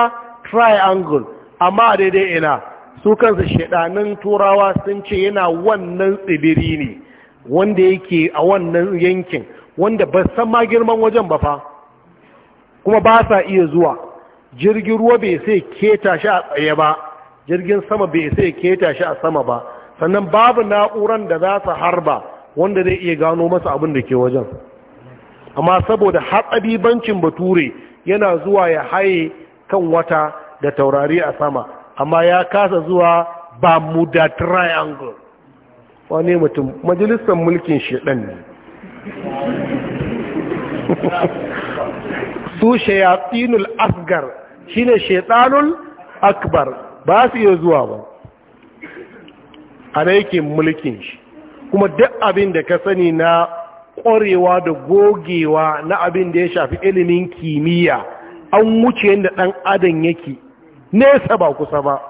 triangle amma daidai ina su kansu shedanin turawa sun ce yana wannan tsibiri ne wanda yake a wannan yankin wanda ba san ma girman wajen ba fa kuma ba sa iya zuwa jirgin ruwa bai sai keta shi a tsaye ba jirgin sama bai sai keta shi a sama ba sannan babu na'uran da za su harba wanda zai iya gano masa abin da ke wajen amma saboda bancin bature yana zuwa ya haye kan wata da taurari a sama amma ya kasa zuwa da triangle wane mutum majalisar mulkin shaɗan ne su shayatsinul asgar shi ne shaitanul akbar ba su iya zuwa ba a da yake mulkin shi kuma duk abin da ka sani na ƙwarewa da gogewa na abin da ya shafi ilimin kimiyya an wuce yadda ɗan adam yake nesa ba kusa ba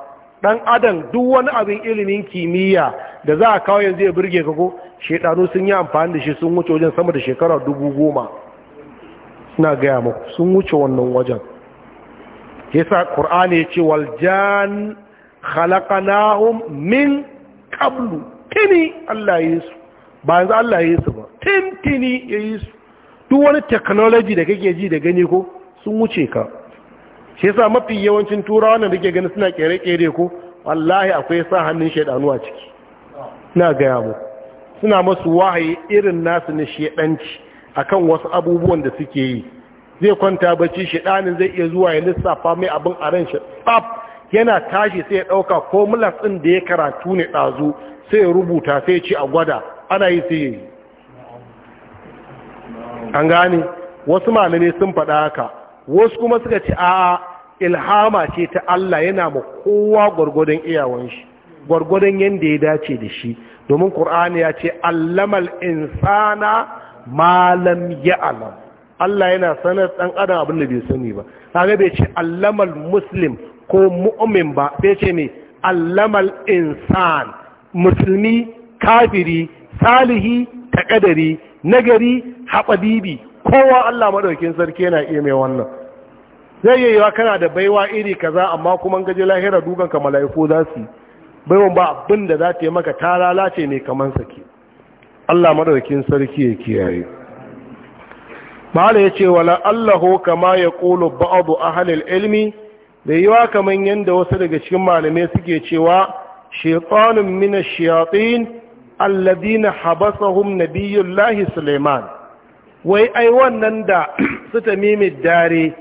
ɗan adam duk wani abin ilimin kimiyya da za a kawo yanzu ya birge ka ko shekaru sun yi amfani da shi sun wuce wajen sama da shekara dubu goma suna gaya maku sun wuce wannan wajen yasa ƙur'ani ya ce waljan khalaqanahum min ƙablu. tintini Allah ya yi su ba yanzu Allah ya yi su ba tintini ya yi su duk wani technology da kake ji da gani ko sun wuce ka shi yasa mafi yawancin turawa da ke gani suna kere-kere ko wallahi akwai sa hannun shaidanu a ciki na gaya mu suna masu wahayi irin nasu na shaidanci akan wasu abubuwan da suke yi zai kwanta bacci shaidanin zai iya zuwa ya lissafa mai abin a ran shi yana tashi sai ya dauka ko mulas ɗin da ya karatu ne ɗazu sai ya rubuta sai ci a gwada ana yi sai yi an gane wasu malamai sun faɗa haka wasu kuma suka ci a ilhama ce ta Allah yana ma kowa gwargwadon iyawan shi gwargwadon yadda ya dace da shi domin ƙur'ani ya ce allamal insana malam ya alam Allah yana sanar ɗan adam abin da bai sani ba kaga bai ce allamal muslim ko mu'min ba bai ce ne allamal insan musulmi kafiri salihi takadari nagari haɓabibi kowa Allah maɗaukin sarki yana iya mai wannan zai yi yawa kana da baiwa iri kaza amma kuma gaji lahira dukan ka mala'iku za su baiwa ba abin da za ta yi maka ta lalace ne kamar sake Allah maɗaukin sarki ya kiyaye Mahala ya ce wala Allahu kama ya ƙulu ba'adu halil ilmi da yiwa kamar yadda wasu daga cikin malamai suke cewa شيطان من الشياطين الذين حبسهم habasahum nabiyullahi سليمان wai ai wannan da su tamimi dare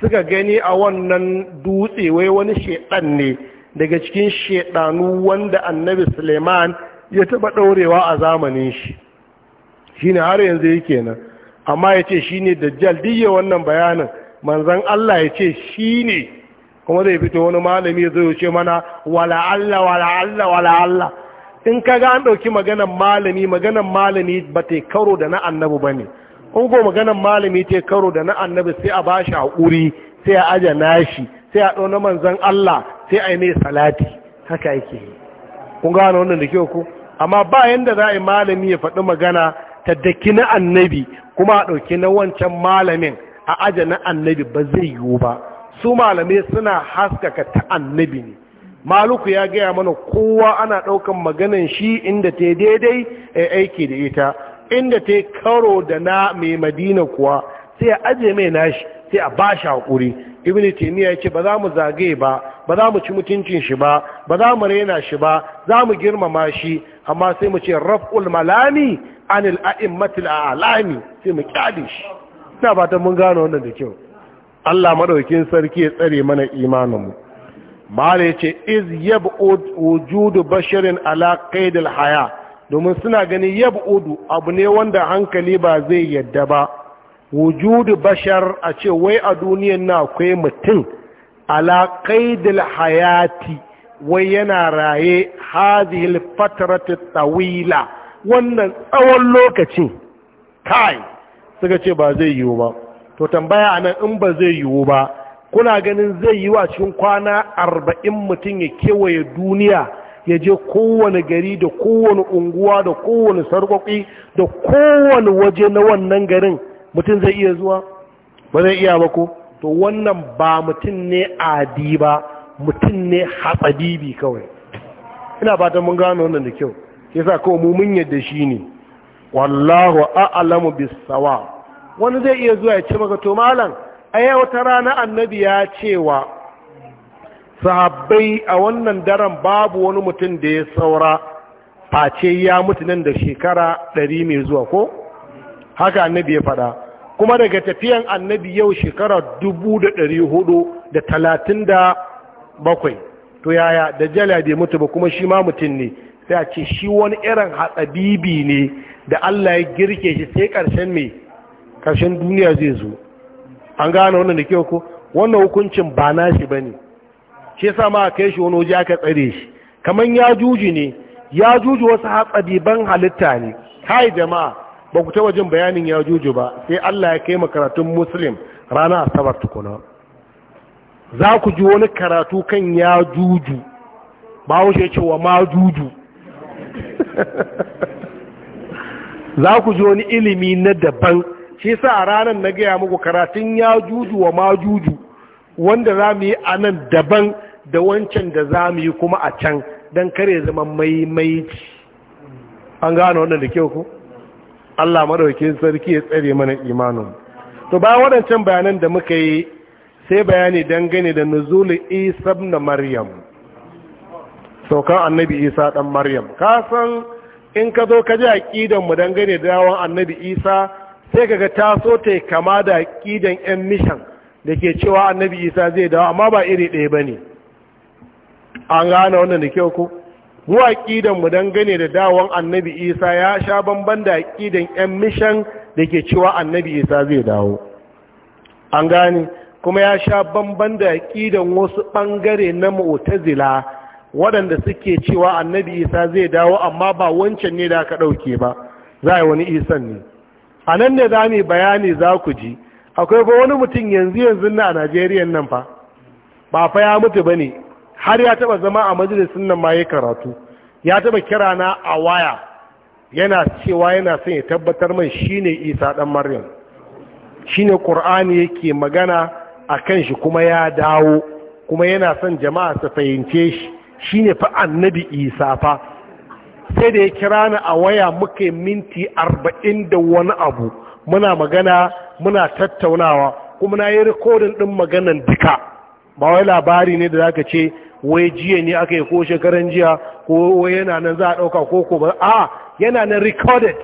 suka gani a wannan dutse wai wani sheɗan ne daga cikin sheɗanu wanda annabi Suleiman ya taba daurewa a zamanin shi shine har yanzu yake nan amma yace shine dajjal diye wannan bayanin manzon Allah yace shine kuma zai fito wani malami zai wuce mana wala Allah wala Allah wala Allah in ka ga an ɗauki maganan malami maganan malami ba ta karo da na annabi ba ne in ko maganan malami ta karo da na annabi sai a bashi haƙuri sai a aja nashi sai a ɗauna manzan Allah sai a yi mai salati haka yake kun gane wannan da kyau ko amma ba yanda za a yi malami ya faɗi magana ta daki na annabi kuma a ɗauki na wancan malamin a aja na annabi ba zai yiwu ba su malamai suna haskaka ta annabi ne maluku ya gaya mana kowa ana ɗaukan maganan shi inda ta daidai a aiki da ita inda ta karo da na mai madina kuwa sai a aje mai nashi sai a ba shi haƙuri ibn taymiya yace ba za mu zagaye ba ba za mu ci mutuncin shi ba ba za mu rena shi ba za mu girmama shi amma sai mu ce raf'ul malami anil a'immatil a'lami sai mu kyadi shi ina fatan mun gano wannan da kyau Allah maɗaukin sarki ya tsare mana imaninmu mala yace iz yab'ud wujudu basharin ala qaidil haya domin suna ganin yab'udu abu ne wanda hankali ba zai yadda ba wujudu bashar a ce wai a duniyan na akwai mutum ala qaidil hayati wai yana raye hadhihi fatratu tawila wannan tsawon lokacin kai suka ce ba zai yiwu ba to tambaya anan in ba zai yiwu ba kuna ganin zai yi wa cikin kwana arba'in mutum ya kewaye duniya ya je kowane gari da kowane unguwa da kowane sarƙoƙi da kowane waje na wannan garin mutum zai iya zuwa ba zai iya ba ko to wannan ba mutum ne adi ba mutum ne hatsadibi kawai ina fatan mun gano wannan da kyau yasa kawai mu mun yadda shi ne wallahu a'lamu bis-sawab wani zai iya zuwa ya ce maka to malam aya wata rana annabi ya cewa sahabbai a wannan daren babu wani mutum da ya saura face ya mutu nan da shekara ɗari mai zuwa ko haka annabi ya faɗa kuma daga tafiyan annabi yau shekara dubu da ɗari hudu da talatin da bakwai to yaya da jala bai mutu ba kuma shi ma mutum ne sai a ce shi wani irin hatsabibi ne da Allah ya girke shi sai karshen mai Karshen duniya zai zo an gane wannan da kyau ko wannan hukuncin ba nashi ba ne shi yasa ma kai shi wani waje aka tsare shi kamar ya juji ne ya juji wasu hatsari ban halitta ne kai jama'a ba ku taɓa jin bayanin ya juji ba sai Allah ya kai makaratun muslim rana asabar tukuna za ku ji wani karatu kan ya juju ba wuce cewa ma juju za ku ji wani ilimi na daban shi sa a ranar na gaya muku karatun ya juju wa ma juju wanda za mu yi a nan daban da wancan da za mu yi kuma a can don kare zama maimaici an gano wannan da kyau ku Allah maɗaukin sarki ya tsare mana imanin to bayan waɗancan bayanan da muka yi sai bayani dangane da nuzulu isa na maryam saukan annabi isa ɗan maryam ka san in ka zo ka ji aƙidanmu dangane da yawon annabi isa sai kaga ta so ta kama da ƙidan yan mishan da ke cewa annabi isa zai dawo amma ba iri ɗaya ba ne an gane wannan da kyau ko mu ƙidanmu mu gane da dawon annabi isa ya sha bamban da ƙidan yan mishan da ke cewa annabi isa zai dawo an gane kuma ya sha bamban da ƙidan wasu ɓangare na mu'tazila waɗanda suke cewa annabi isa zai dawo amma ba wancan ne da aka ɗauke ba za a yi wani isan ne a nan ne za mu bayani za ku ji akwai ba wani mutum yanzu yanzu na a najeriya nan fa ba fa ya mutu ba ne har ya taba zama a majalisun nan ma ya karatu ya taba kira na a waya yana cewa yana son ya tabbatar mai ne isa dan maryam Shi ne ƙur'ani yake magana a kan shi kuma ya dawo kuma yana son jama'a su fahimce shi Shi shine fa annabi isa fa sai da ya kira ni a waya muka yi minti arba'in da wani abu muna magana muna tattaunawa kuma na yi rikodin ɗin maganan duka ba wai labari ne da zaka ce wai jiya ne aka yi ko shekaran jiya ko wai yana nan za a ɗauka ko ko ba a yana nan recorded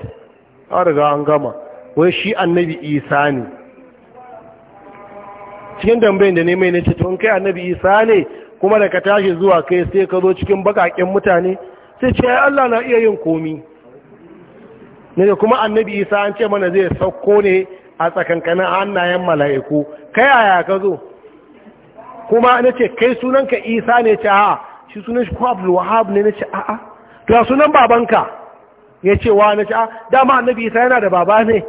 a riga an gama wai shi annabi isa ne cikin dambayin da ne mai na ce tun kai annabi isa ne kuma daga tashi zuwa kai sai ka zo cikin bakaƙen mutane sai ce ya Allah na iya yin komi ne kuma annabi isa an ce mana zai sauko ne a tsakankanin hannayen mala'iku kai a yaka zo kuma na ce kai sunanka isa ne ce shi sunan shi ko wahab ne na ce a'a to ya sunan babanka ya ce wa na ce a dama annabi isa yana da baba ne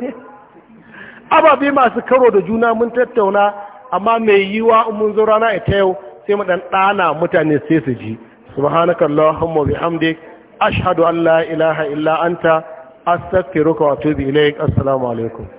ababe masu karo da juna mun tattauna amma mai yiwa mun zo rana ita yau sai mu dan dana mutane sai su ji subhanaka allahumma bihamdik ashhadu an la ilaha illa anta astaghfiruka wa atubu ilaik assalamu alaikum